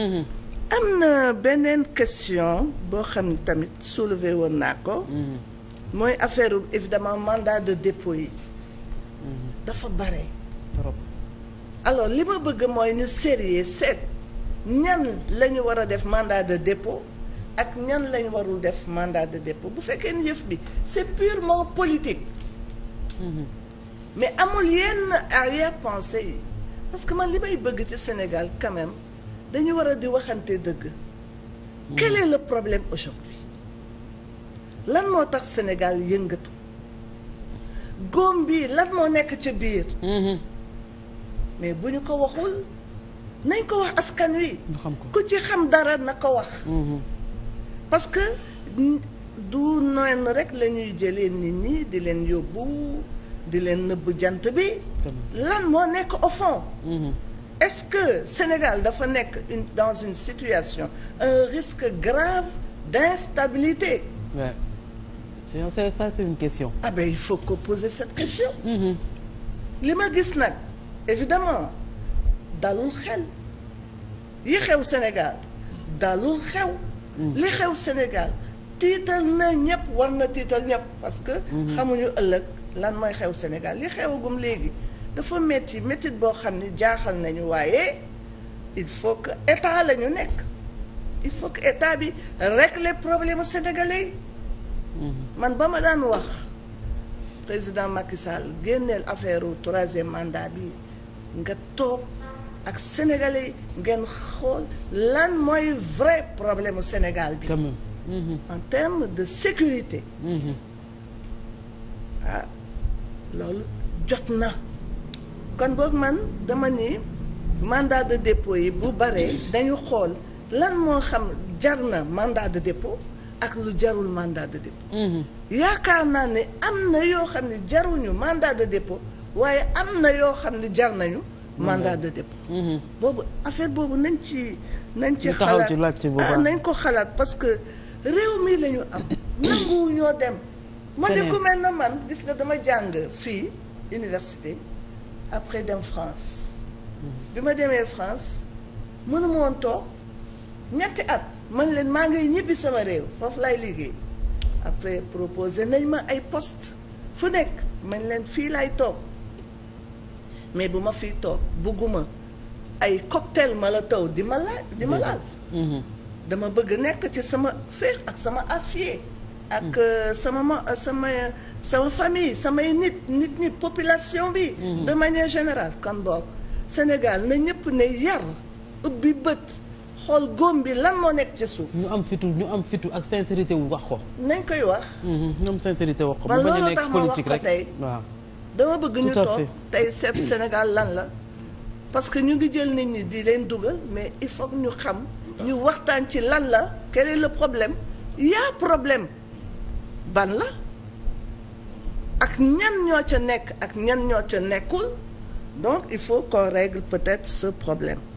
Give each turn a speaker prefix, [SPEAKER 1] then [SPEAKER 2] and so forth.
[SPEAKER 1] Mm-hmm. am na beneen question boo xam ne tamit soulevé woon naa ko. Mm-hmm. mooy affaire évidemment mandat de dépôt yi. Mm-hmm. dafa bare. alors li ma bëgg mooy ñu sérieux seet ñan lañu ñu war a def mandat de dépôt ak ñan lañu warul def mandat de dépôt bu fekkee ni yëf bi c'est purement politique. mais amul yenn arrière-pensée yi parce que man li may bëgg ci Sénégal quand dañu war a di waxante dëgg. Hmm. quel la le problème aujourd'hui lan moo tax Sénégal yëngatu góom bi lan moo nekk ca biir. Hmm. mais bu ñu ko waxul nañ ko wax askan wi. ku ci xam dara na ko wax. Hmm. parce que du noonu rek la ñuy jëlee nit ñi di leen yóbbu di leen nëbb jant bi. lan moo nekk au est-ce que Sénégal dafa nekk une dans une situation un risque grave d'instabilité ouais. c'est ça c'est une question ah il faut que poser cette question mm-hmm. li ma gis nag évidemment dalul xel yi xew Sénégal dalul xew mm-hmm. li xew Sénégal tiital na ñëpp war na tiital ñëpp parce que mm-hmm. xamuñu ëllëg lan mooy xew Sénégal li xewagum léegi dafa métti métti boo xam ne jaaxal nañu waaye il faut que état la nekk il faut que état bi régler problème sénégalais yi mhm. man ba ma daan wax président makisal Sall génneel affaire u troisième mandat bi nga toog ak sénégalais ngeen xool lan mooy vrai problème Sénégal bi. quand même. Mm en termes de sécurité. Mhm. ah loolu jot na. kon boog man dama ni mandat de dépôt yi bu baree dañu xool lan moo xam jar na mandat de dépôt ak lu jarul mandat de dépôt. Mhm. yaakaar naa ne am na yoo xam ne jaruñu mandat de dépôt waaye am na yoo xam ne jar nañu. mandat de dépôt. Mhm. boobu affaire boobu nañ ci nañ ci xalaat ah, nañ ko xalaat parce que réew mi lañu am nanguwu dem. ma ne ku mel na man gis nga dama jàng fii université. après dem France bi ma demee France mënu toog ñetti at man leen maa ngay ñibbi sama réew foofu lay liggéey après proposé nañ ma ay poste fu nekk man leen fii lay toog mais bu ma fii toog bëgguma ay cocktail ma la taw di ma laaj di ma mm-hmm. laaj mm-hmm. dama bëgg nekk ci sama féex ak sama affaire ak euh, sama ma sama sama famille samay nit nit ñi population bi. Mhm. de manière générale kon boog Sénégal na ñëpp ne yar ubbi bët xool góom bi lan moo nekk ci suuf. ñu am fitu ñu am fitu ak sincérité wu wax ko. nañ koy wax. Mhm, ñu am sincérité wax ko ba bañ a nekk politique rek tey waaw. dama bëgg ñu toog tey seet Sénégal lan la parce que ñu ngi jël nit ñi di leen dugal mais il faut ñu xam. ñu waxtaan ci lan la quel est problème y problème. ban la ak ñan ñoo ca nekk ak ñan ñoo ca nekkul donc il faut qu'on règle peut-être ce problème